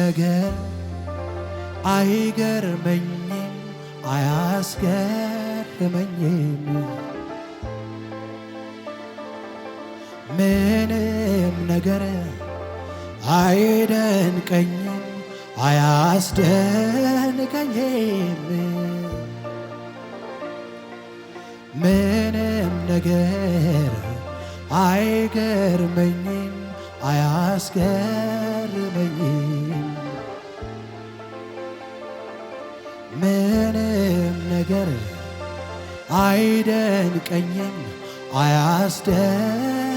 ነገር አይገርመኝም አያስገርመኝም ምንም ነገር አይደንቀኝም አያስደንቀኝም ምንም ነገር አይገርመኝም አያስገርመኝም ምንም ነገር አይደንቀኝም አያስደንቀኝም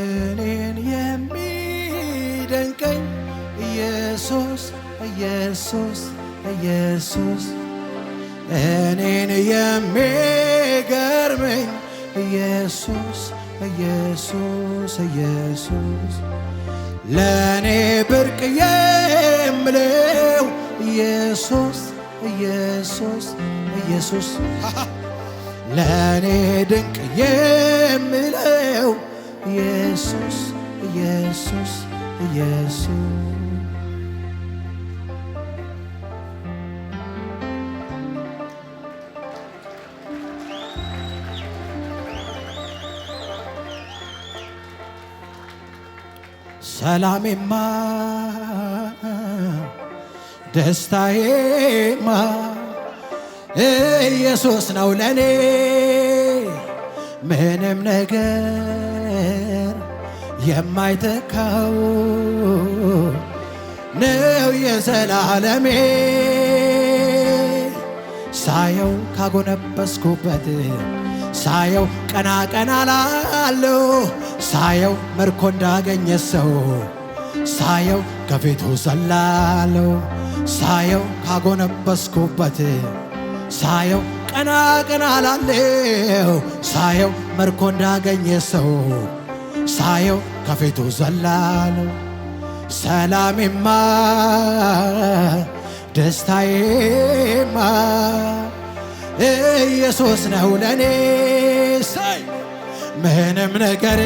እኔን የሚደንቀኝ ኢየሱስ ኢየሱስ ኢየሱስ እኔን የሚገርመኝ ኢየሱስ ኢየሱስ ኢየሱስ ለእኔ ብርቅ የምለው ኢየሱስ ኢየሱስ ኢየሱስ ለእኔ ድንቅ የምለው ኢየሱስ ኢየሱስ ኢየሱስ ሰላሜማ ደስታዬማ ኢየሱስ ነው ለኔ ምንም ነገር የማይተካው ነው የዘላለሜ ሳየው ካጎነበስኩበት ሳየው ቀና ቀና ላለው ሳየው መርኮ እንዳገኘ ሰው ሳየው ከፊቱ ዘላለው ሳየው ካጎነበስኩበት ሳየው ቀና ቀና አላለው ሳየው መርኮ እንዳገኘ ሰው ሳየው ከፊቱ ዘላለው ሰላሜማ ደስታዬማ ኢየሱስ ነው ለኔ ምንም ነገር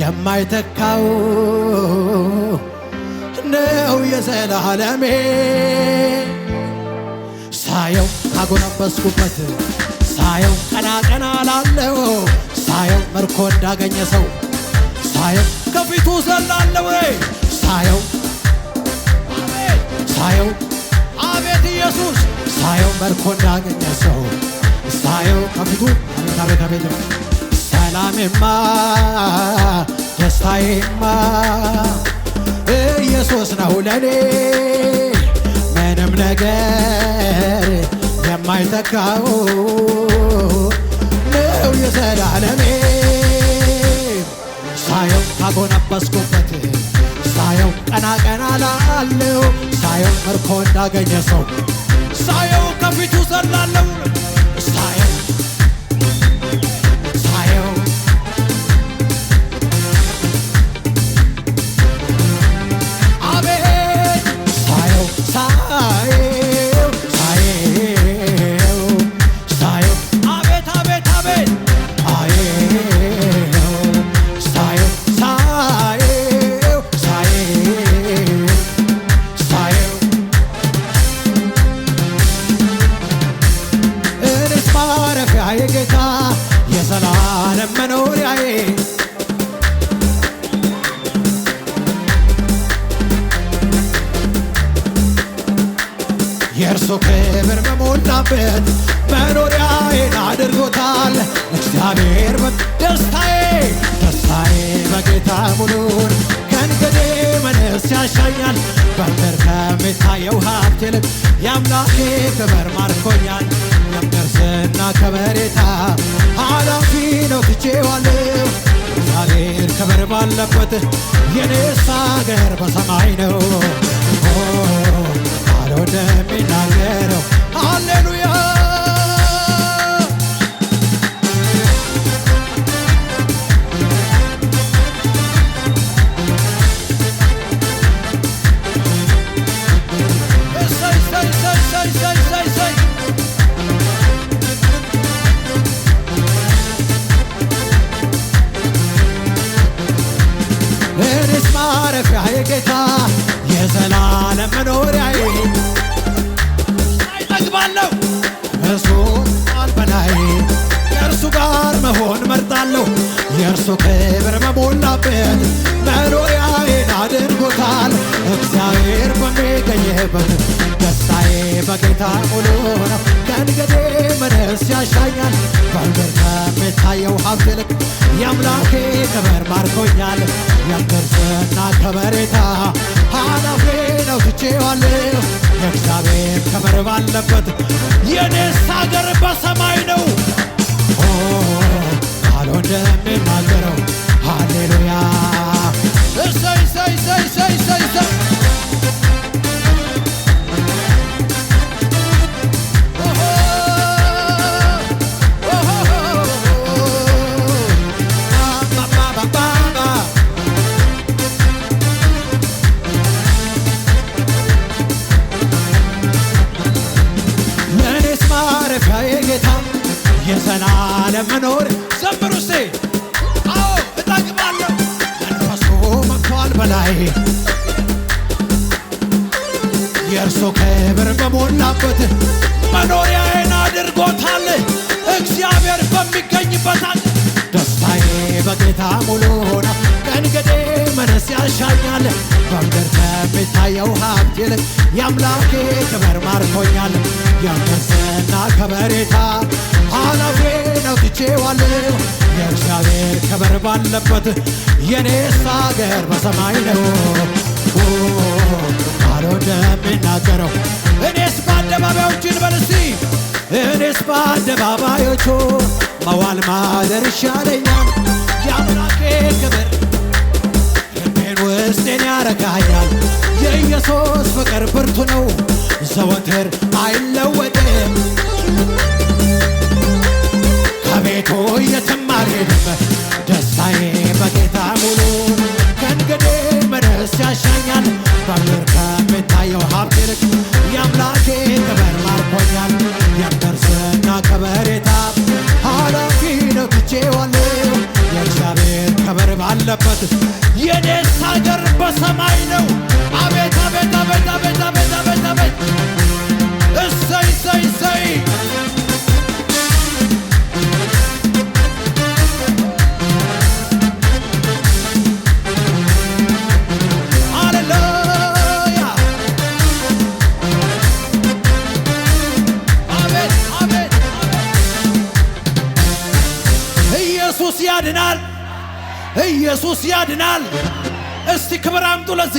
የማይተካው ነው የዘላለሜ ሳየው ካጎነበስኩበት ሳየው ቀና ቀና ላለው ሳየው መርኮ እንዳገኘ ሰው ሳየው ከፊቱ ዘላለው ሳየው ሳየው አቤት ኢየሱስ ሳየው መርኮ እንዳገኘ ሰው ሳየው ከፊቱ አቤት አቤት አቤት ሰላሜማ ደስታዬማ ኢየሱስ ነው ለኔ ምንም ነገር የማይተካው ነው የዘላለሜ ሳየው ካጎነበስኩበት ሳየው ቀና ቀና ላለው ሳየው ምርኮ እንዳገኘ ሰው ሳየው ከፊቱ ዘላለው የእርሶ ክብር በሞላበት መኖሪያዬን አድርጎታል። እግዚአብሔር ደስታዬ ደስታዬ በጌታ ሙሉን ከእንግዲህ ምንስ ያሻኛል? በምድር ከሚታየው ሀብት ይልቅ የአምላኬ ክብር ማርኮኛል። የምደርስና ከበሬታ ኃላፊ ነው ትቼዋለሁ። እግዚአብሔር ክብር ባለበት የኔስ አገር በሰማይ ነው። ወደሚናገረው ሃሌሉያ በእውነት መኖሪያዬን አድርጎታል እግዚአብሔር በሚገኝበት ደስታዬ በጌታ ሙሉ ነው። ከእንግዴ ምንስ ያሻኛል? በምድር ከሚታየው ሀብት ይልቅ የአምላኬ ክብር ባርኮኛል። የምድርና ከበሬታ ኃላፊ ነው ትቼዋለሁ። የእግዚአብሔር ክብር ባለበት የኔስ ሀገር በሰማይ ነው። ቃሉ እንደሚናገረው ሃሌሉያ ይበታል። ደስታዬ በጌታ ሙሉ ሆነ መንገዴ መነስ ያሻኛል። በምድር ከሚታየው ሀብት ይልቅ የአምላኬ ክብር ማርኮኛል። ያንተስና ከበሬታ ኃላፊ ነው ትቼዋለሁ። የእግዚአብሔር ክብር ባለበት የኔስ አገር በሰማይ ነው። አሮ እንደሚናገረው እኔስ በአደባባዮችን በልሲ እኔስ በአደባባዮቹ መዋል ማደር ይሻለኛል የአምላኬ ክብር ልቤን ውስጤን ያረጋኛል። የኢየሱስ ፍቅር ብርቱ ነው ዘወትር አይለወጥም ከቤቱ የትም አልሄድም ደስታዬ በጌታ ሙሉ ከእንግዲህ ምንስ ያሻኛል አለበት። የደስታ ሀገር በሰማይ ነው።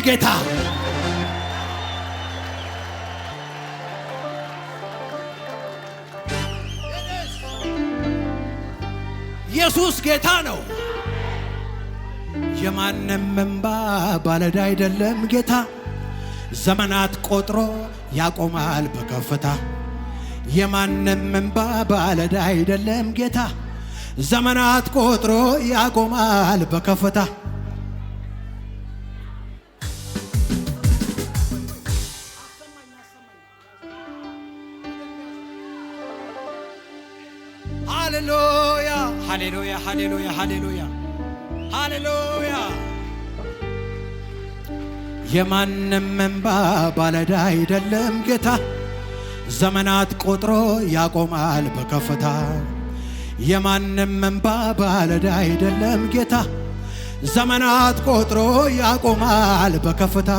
ጌታ ኢየሱስ ጌታ ነው። የማንም እንባ ባለዳ አይደለም ጌታ ዘመናት ቆጥሮ ያቆማል በከፍታ። የማንም እንባ ባለዳ አይደለም ጌታ ዘመናት ቆጥሮ ያቆማል በከፍታ ሃሌሉያ፣ ሃሌሉያ፣ ሃሌሉያ። የማንም እንባ ባለዳ አይደለም ጌታ ዘመናት ቆጥሮ ያቆማል በከፍታ። የማንም እንባ ባለዳ አይደለም ጌታ ዘመናት ቆጥሮ ያቆማል በከፍታ።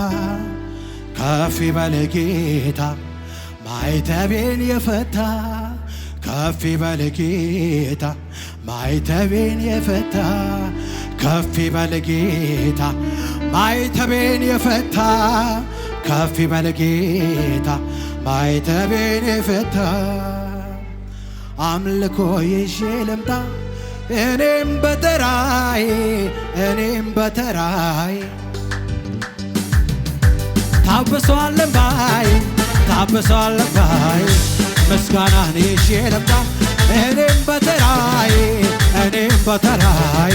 ከፍ ይበል ጌታ ማይተቤን የፈታ ከፍ ይበል ጌታ ማይተቤን የፈታ ከፍ ይበል ጌታ፣ ማይተቤን የፈታ ከፍ ይበል ጌታ፣ ማይተቤን የፈታ አምልኮ ይዤ ልምጣ እኔም በተራዬ እኔም በተራዬ ታብሷል ባይ ታብሷል እምባዬ ምስጋናህን ይዤ ልምጣ እኔም በተራይ እኔም በተራይ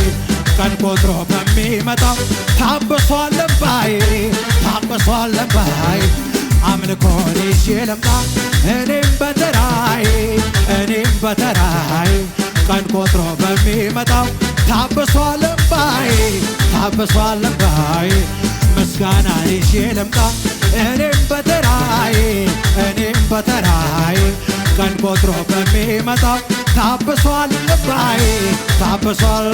ቀን ቆጥሮ በሚመጣው ታብሷል ልባይ ታብሷል ልባይ አምልኮን ይዤ ልምጣ እኔም በተራይ እኔም በተራይ ቀን ቆጥሮ በሚመጣው ታብሷል ልባይ ታብሷል ልባይ ምስጋና ይዤ ልምጣ እኔም በተራይ እኔም በተራይ ቀን ቆጥሮ በሚመጣ ታብሷል ልባዬ ታብሷል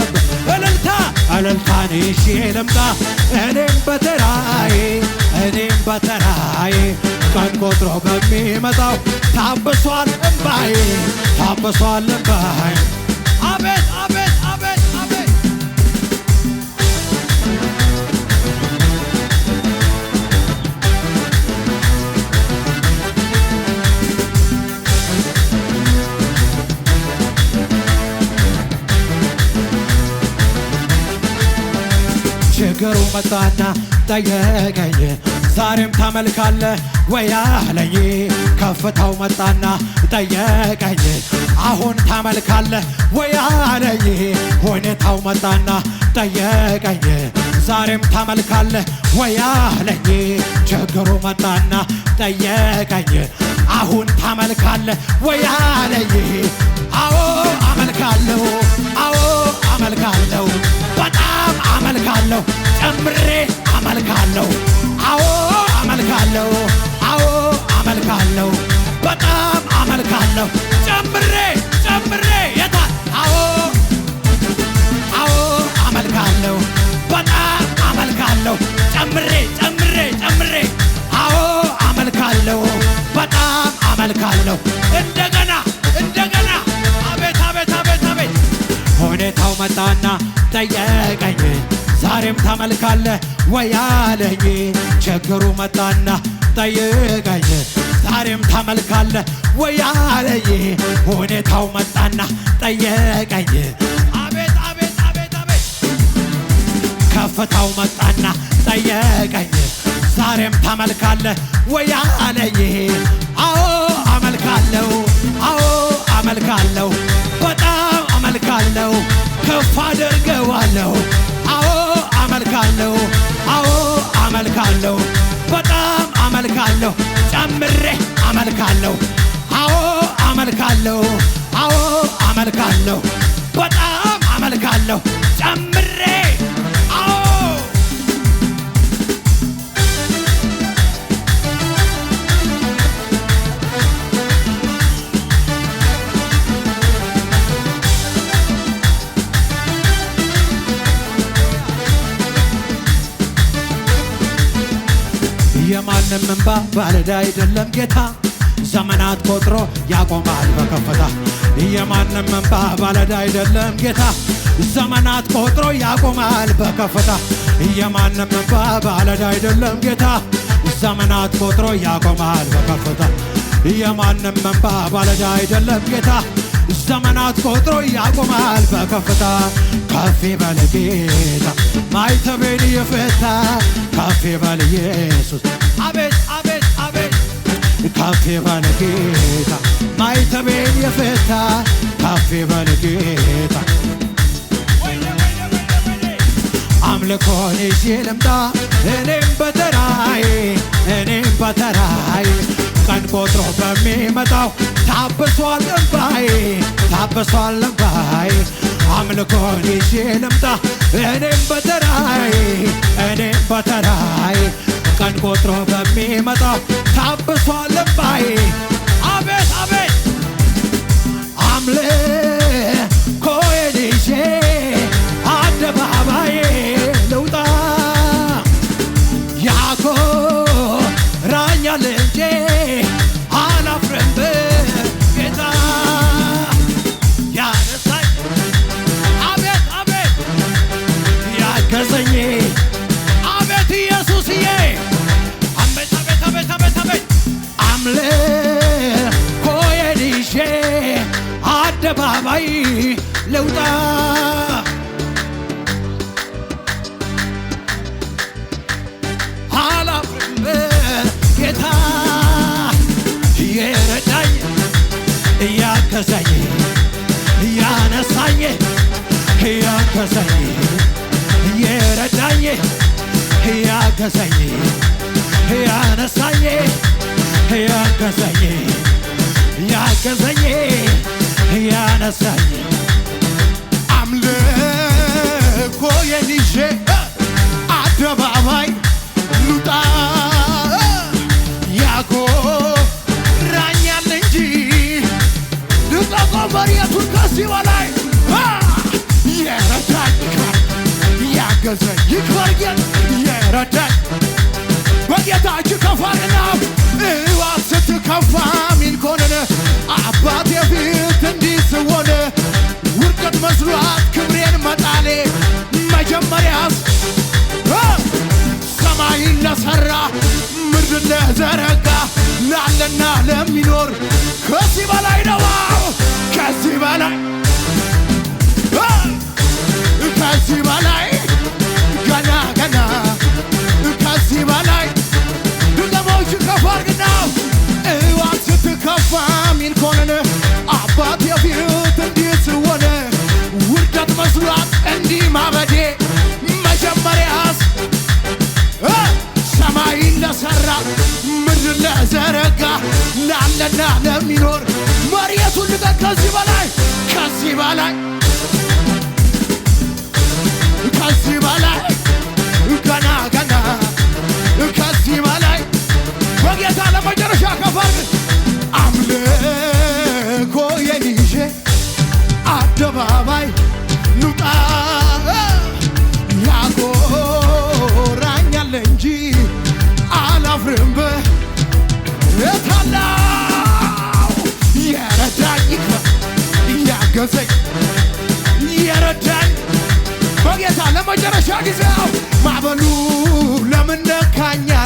እልልታ እልልታን ይዤ ልምጣ እኔም በተራዬ እኔም በተራዬ ቀን ቆጥሮ በሚመጣው ታብሷል እምባዬ ታብሷል እምባዬ አቤት አቤት መጣና ጠየቀኝ ዛሬም ታመልካለ ወያለኝ ከፍታው መጣና ጠየቀኝ አሁን ታመልካለ ወያለኝ ሁኔታው መጣና ጠየቀኝ ዛሬም ታመልካለ ወያለኝ ችግሩ መጣና ጠየቀኝ አሁን ታመልካለ ወያለኝ ዛሬም ታመልካለ ወይ አለኝ። ችግሩ መጣና ጠየቀኝ። ዛሬም ታመልካለ ወይ ሁኔታው መጣና ጠየቀኝ። አቤት አቤት አቤት አቤት ከፍታው መጣና ጠየቀኝ። ዛሬም ታመልካለ ወይ አለኝ። አዎ አመልካለው፣ አዎ አመልካለው፣ በጣም አመልካለው፣ ከፍ አደርገዋለሁ አመልካለሁ፣ አዎ አመልካለሁ፣ በጣም አመልካለሁ፣ ጨምሬ አመልካለሁ፣ አዎ አመልካለሁ፣ አዎ አመልካለሁ፣ በጣም አመልካለሁ፣ ጨምሬ የማንም እንባ ባልዳ አይደለም ጌታ ዘመናት ቆጥሮ ያቆማል በከፍታ የማንም እንባ ባልዳ አይደለም ጌታ ዘመናት ቆጥሮ ያቆማል በከፍታ የማንም እንባ ባልዳ አይደለም ጌታ ዘመናት ቆጥሮ ያቆማል በከፍታ የማንም እንባ ባልዳ አይደለም ጌታ ዘመናት ቆጥሮ ያቆማል በከፍታ ከፍ በል ጌታ ማይተቤን የፈታ ከፍ በል ኢየሱስ አቤት አቤት አቤት ከፍ በል ጌታ ማይተቤን የፈታ ከፍ በል ጌታ አምልኮን ይዤ ልምጣ እኔም በተራዬ እኔም በተራዬ ቀን ቆጥሮ በሚመጣው ታብሷል እምባዬ ታብሷል እምባዬ አምልኮን ይዤ ልምጣ እኔም በተራዬ እኔም በተራዬ ቀን ቆጥሮ በሚመጣው ታብሷል እምባዬ አቤት አቤት አምልክ ያነሳኝ ያነሳኝ ያገዘኝ ያገዘኝ ያነሳኝ አምልኮዬን ይዤ አደባባይ ልውጣ ያኮራኛል እንጂ ልቀቀው መሬቱን በላይ የረዳኝ ያገዘኝ ይክበር ረዳኝ በጌታ እጅ ከፋርና እዋት ስትከፋ ሚንኮንን አባቴ ፊት እንዲህ ስሆን ውድቀት መስሏት ክብሬን መጣሌ መጀመሪያስ ሰማይን ለሠራ ምድርን ለዘረጋ ላለና ለሚኖር ከዚህ በላይ ነዋ ከዚህ በላይ ከዚህ በላይ ገና ገና ሲበላይ ድገሞች ከፋርግና እዋን ስትከፋ ሚልኮንን አባት የፊት እንዲህ ስወነ ውርደት መስሏት እንዲህ ማበዴ መጀመሪያስ ሰማይ ለሰራ ምድር ለዘረጋ ላለና ለሚኖር መሬቱን ልቀቅ ከዚህ በላይ ከዚህ በላይ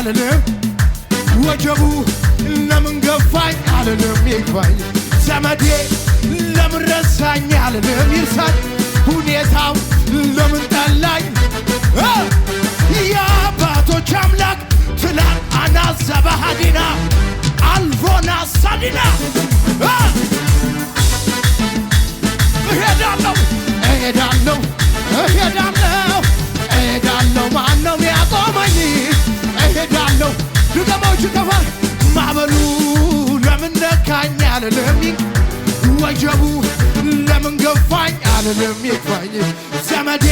አልልም፣ ወጀቡ ለምን ገፋኝ አልልም፣ ይግባኝ ዘመዴ ለምን ረሳኝ አልልም፣ ይርሳኝ ሁኔታው ለምን ጠላኝ። የአባቶች አምላክ ትላንት አናዘበ አልፎና ሳዲና እባክ ማዕበሉ ለምን ነካኝ አልልም ወጀቡ ለምን ገፋኝ አልልም ይግፋኝ ዘመዴ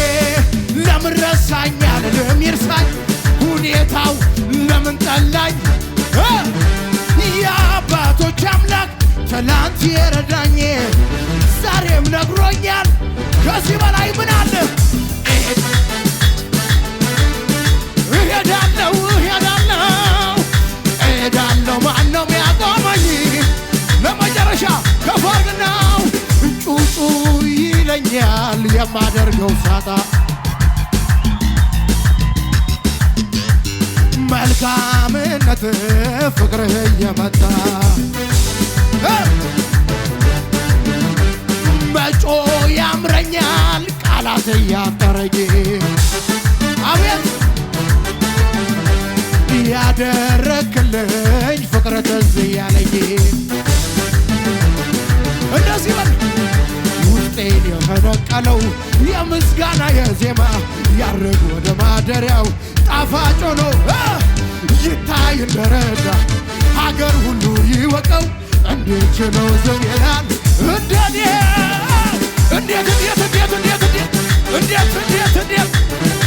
ለምን ረሳኝ አልልም ይርሳኝ ሁኔታው ለምን ጠላኝ የአባቶች አምላክ ትላንት የረዳኝ ዛሬም ነግሮኛል ከዚህ በላይ ምን አለ ይለኛል የማደርገው ሳጣ መልካምነት ፍቅርህ እየመጣ መጮ ያምረኛል ቃላት እያጠረኝ አቤት ያደረክልኝ ፍቅር ትዝ እያለኝ ኃጢአቴን የተበቀለው የምስጋና የዜማ ያርግ ወደ ማደሪያው ጣፋጭ ሆኖ ይታይ እንደረዳ ሀገር ሁሉ ይወቀው። እንዴት ችለው ዝም ይላል? እንዴት እንዴት እንዴት እንዴት እንዴት እንዴት እንዴት